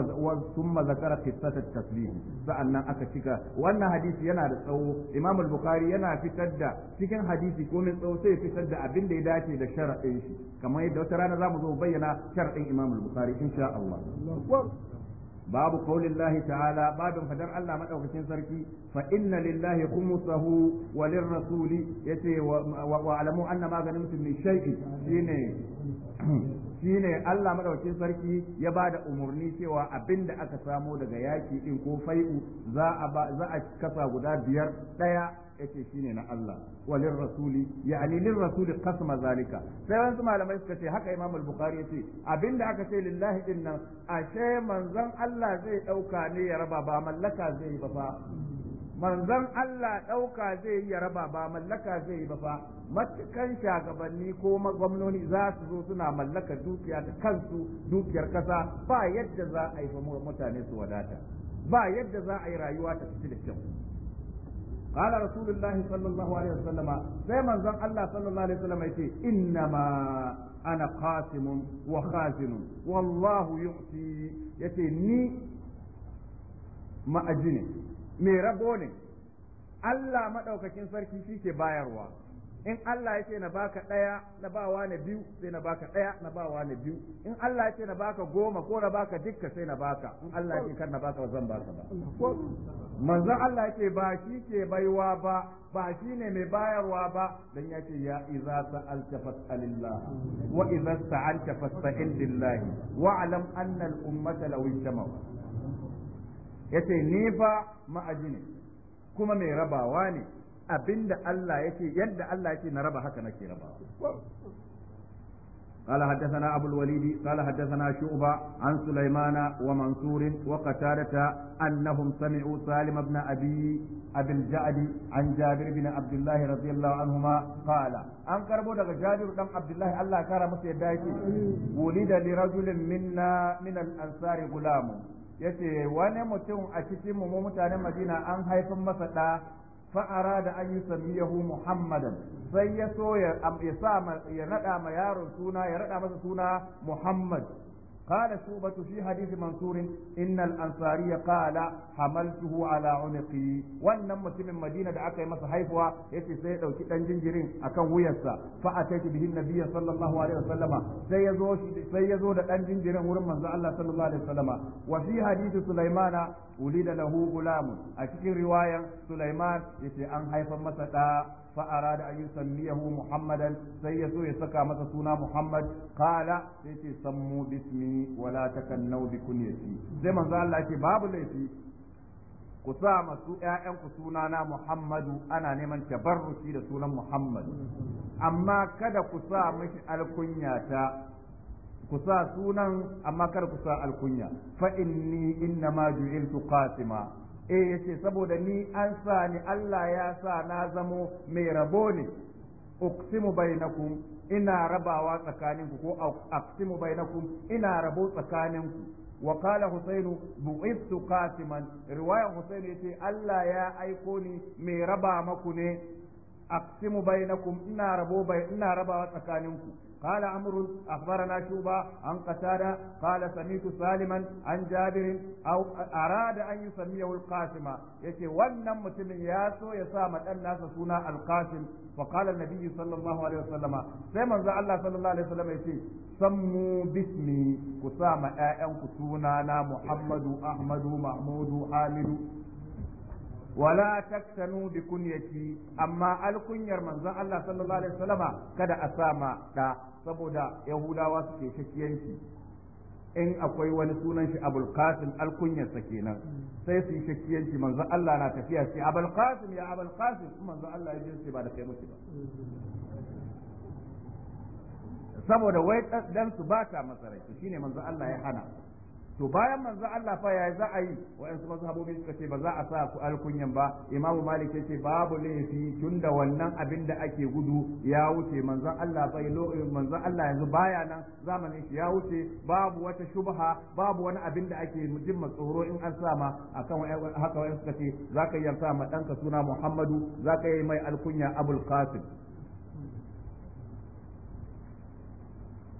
thumma zakara tasiri nan aka cika wannan hadisi yana da tsawo Imam al yana fitar da cikin hadisi ko min tsawo sai fitar da abin da ya dace da shara'in shi kamar yadda wata rana za mu zo bayyana shara'in Imam al-Bukhari insha Allah babu qaulillahi ta'ala babin fadar Allah madaukakin sarki fa inna lillahi khumsahu wa lirrasuli yace wa alamu anna maganin ganimtum min shay'in shine shine Allah madauki sarki ya ba da umarni cewa abin da aka samo daga yaki din ko fai'u za a za a kasa guda biyar daya yace shine na Allah walin rasuli ya alilin rasuli qasma zalika sai wasu malamai suka ce haka imam al-bukhari yace abinda aka ce lillahi din ashe manzon Allah zai dauka ne ya raba ba mallaka zai ba fa manzon Allah ɗauka zai yi raba ba mallaka zai yi ba fa matukan shagabanni ko gwamnoni za su zo suna mallaka dukiya da kansu dukiyar kasa ba yadda za a yi mutane su wadata ba yadda za a yi rayuwa ta fiti da kyau قال رسول الله صلى الله عليه وسلم Allah sallallahu الله صلى الله عليه وسلم يتي إنما أنا قاسم وخازن والله يعطي يتي ني ما أجني mai rabo ne Allah maɗaukakin sarki shi ke bayarwa in Allah ya ce na baka ɗaya na bawa na biyu sai na baka ɗaya na bawa na biyu in Allah ya ce na baka goma ko na baka dukka sai na baka in Allah ya ce kar na baka zan baka ba manzon Allah ya ce ba shi ke baiwa ba ba shi ne mai bayarwa ba dan ya ce ya iza sa'alta fas'alillah wa iza sa'alta fasta'in billahi wa alam anna al-ummata law ijtama'u yace ni fa ma'aji ne kuma mai rabawa ne abinda Allah yake yadda Allah yake na raba haka nake rabawa قال حدثنا أبو الوليد قال حدثنا شعبة عن سليمان ومنصور وقتادة أنهم سمعوا سالم بن أبي أبي الجعد عن جابر بن عبد الله رضي الله عنهما قال أن كربو جابر بن عبد الله الله كرم سيدايتي ولد لرجل منا من الأنصار غلام yace wani mutum a cikin mu mutanen Madina an haifa masa da fa'ara da an yi sammiyahu Muhammadan sai ya so ya sa ya nada ma yaron suna ya rada masa suna Muhammad قال شوبة في حديث منصور إن الأنصاري قال حملته على عنقي وأن مسلم من مدينة أكا يمس حيفوا يتي سيد أو كتن جنجرين أكا ويسا فأتيت به النبي صلى الله عليه وسلم سيزود أن جنجرين ورمان الله صلى الله عليه وسلم وفي حديث سليمان ulida lahu gulam a cikin riwayan Sulaiman yace an haifar masa da fa arada an yusammiyahu Muhammadan sai yaso ya saka masa suna Muhammad kala yace sammu bismi wala takannu bi kunyati sai manzo Allah babu laifi ku sa masu ƴaƴanku suna na Muhammadu ana neman tabarruki da sunan Muhammad amma kada ku sa mishi alkunyata ku sa sunan amma kar ku sa alkunya fa inni ma ju'iltu qasima eh yace saboda ni an sa ni Allah ya sa na zamo mai rabo ne uqsimu bainakum ina rabawa tsakaninku ko aqsimu bainakum ina rabo tsakaninku وقال riwaya husayn yace Allah ya aiko ni mai raba maku ne aqsimu bainakum ina rabo bai ina rabawa tsakanin ku قال عمرو أخبرنا شوبة عن قتادة قال سميت سالما عن جابر أو أراد أن يسميه القاسم يتي ونم متم ياسو يسامة الناس سنا القاسم فقال النبي صلى الله عليه وسلم سيما الله صلى الله عليه وسلم يتي سموا باسمي كسامة آئن كسونانا محمد أحمد محمود حامد wala taktanu bi kunyati amma alkunyar manzon Allah sallallahu alaihi wasallama kada a sama da saboda yahudawa suke shakiyanki in akwai wani sunan shi abul qasim alkunyarsa kenan sai su yi shakiyanci manzon Allah na tafiya ce abul qasim ya abul qasim manzon Allah ya ce ba da kai muke ba saboda wai dan su bata masa rai shine manzon Allah ya hana to bayan manzo Allah fa yayi za a yi wayansu mazhabobi suka ce ba za a sa ku alkunyan ba Imam Malik yace babu laifi tunda wannan abin da ake gudu ya wuce manzo Allah bai manzo Allah yanzu baya nan zamanin shi ya wuce babu wata shubha babu wani abin da ake mujimma tsoro in an sama akan haka wayansu suka ce zaka yi sa ma danka suna Muhammadu zaka yi mai alkunya Abul Qasim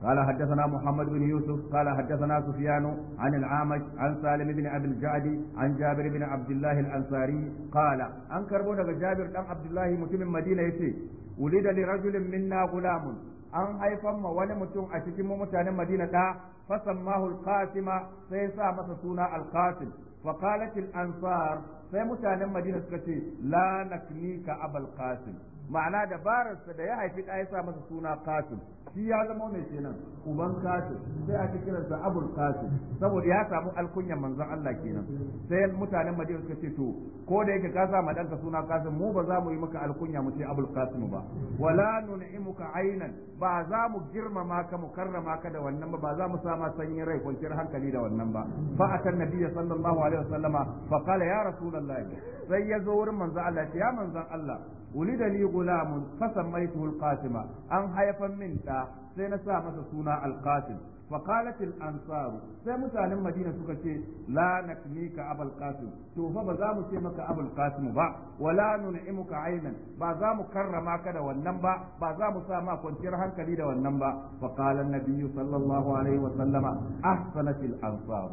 قال حدثنا محمد بن يوسف قال حدثنا سفيان عن العامش عن سالم بن ابي الجعد عن جابر بن عبد الله الانصاري قال انكر بن جابر بن عبد الله متم مدينه يتي ولد لرجل منا غلام an haifan ma wani mutum a cikin mu mutanen Madina da fasan Mahul Kasima, sai sa masa suna al-Qasim fa ansar sai mutanen Madina suka ce la naknika abal Qasim ma'ana dabararsa da ya haifi da ya sa masa suna Kasim. shi ya zama mai kenan uban kasu sai ake kiransa abul kasu saboda ya samu alkunyan manzon Allah kenan sai mutanen Madina suka ce to ko da yake ka sa ma danka suna kasu mu ba za mu yi maka alkunya mu ce abul mu ba wala nun'imuka aynan ba za mu girmama ka mu karrama ka da wannan ba ba za mu sama sanyin rai kwanciyar hankali da wannan ba fa atan nabiyyi sallallahu alaihi wasallama fa qala ya rasulullahi sai ya zo wurin manzon Allah ya manzon Allah ولد لي غلام فسميته القاسم أن حيفا من تا سينسى مسسونا القاسم فقالت الأنصار سيمتى لما مدينة سكتي لا نكنيك أبا القاسم شوف بزام سيمك أبا القاسم با ولا ننعمك عينا بزام كرما كذا والنبا بزام ساما كنت رهن كليدا والنبا فقال النبي صلى الله عليه وسلم أحسنت الأنصار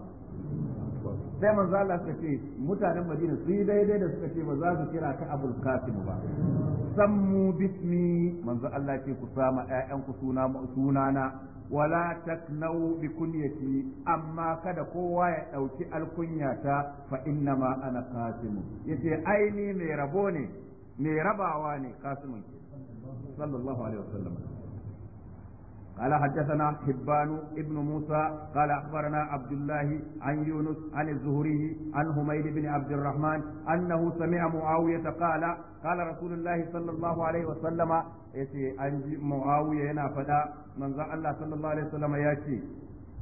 sai manzo Allah suka ce mutanen Madina su yi daidai da suka ce ba za su kira ka Abul Qasim ba sammu bismi manzo Allah ce ku sama ƴaƴan ku suna sunana wala taknau bi kunyati amma kada kowa ya dauki alkunyata fa inna ma ana qasim yace ai ni mai rabo ne mai rabawa ne qasimin sallallahu alaihi wasallam قال حدثنا حبان ابن موسى قال أخبرنا عبد الله عن يونس عن الزهري عن حميد بن عبد الرحمن أنه سمع معاوية قال قال رسول الله صلى الله عليه وسلم يتي أنجي معاوية هنا فدا من الله صلى الله عليه وسلم يأتي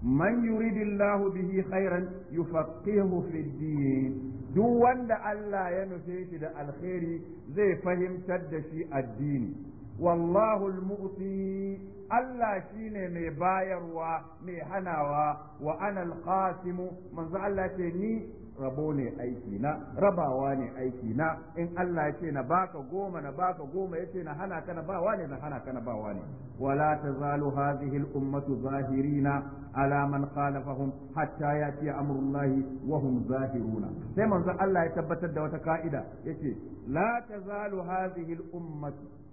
من يريد الله به خيرا يفقهه في الدين duk wanda Allah ya nufe shi da alkhairi zai fahimtar da shi addini Wallahulmusi. al-mu'ti Allah shine mai bayarwa mai hanawa wa ana al-qasimu manzo Allah ce ni rabo ne aiki rabawa ne aiki in Allah ce na baka goma na baka goma yace na hana ka na bawa ne na hana ka na bawa ne wala tazalu hadhihi al-ummatu zahirina ala man khalafahum hatta yati amrullahi wa hum zahiruna sai manzo Allah ya tabbatar da wata ka'ida yace la tazalu hadhihi ummatu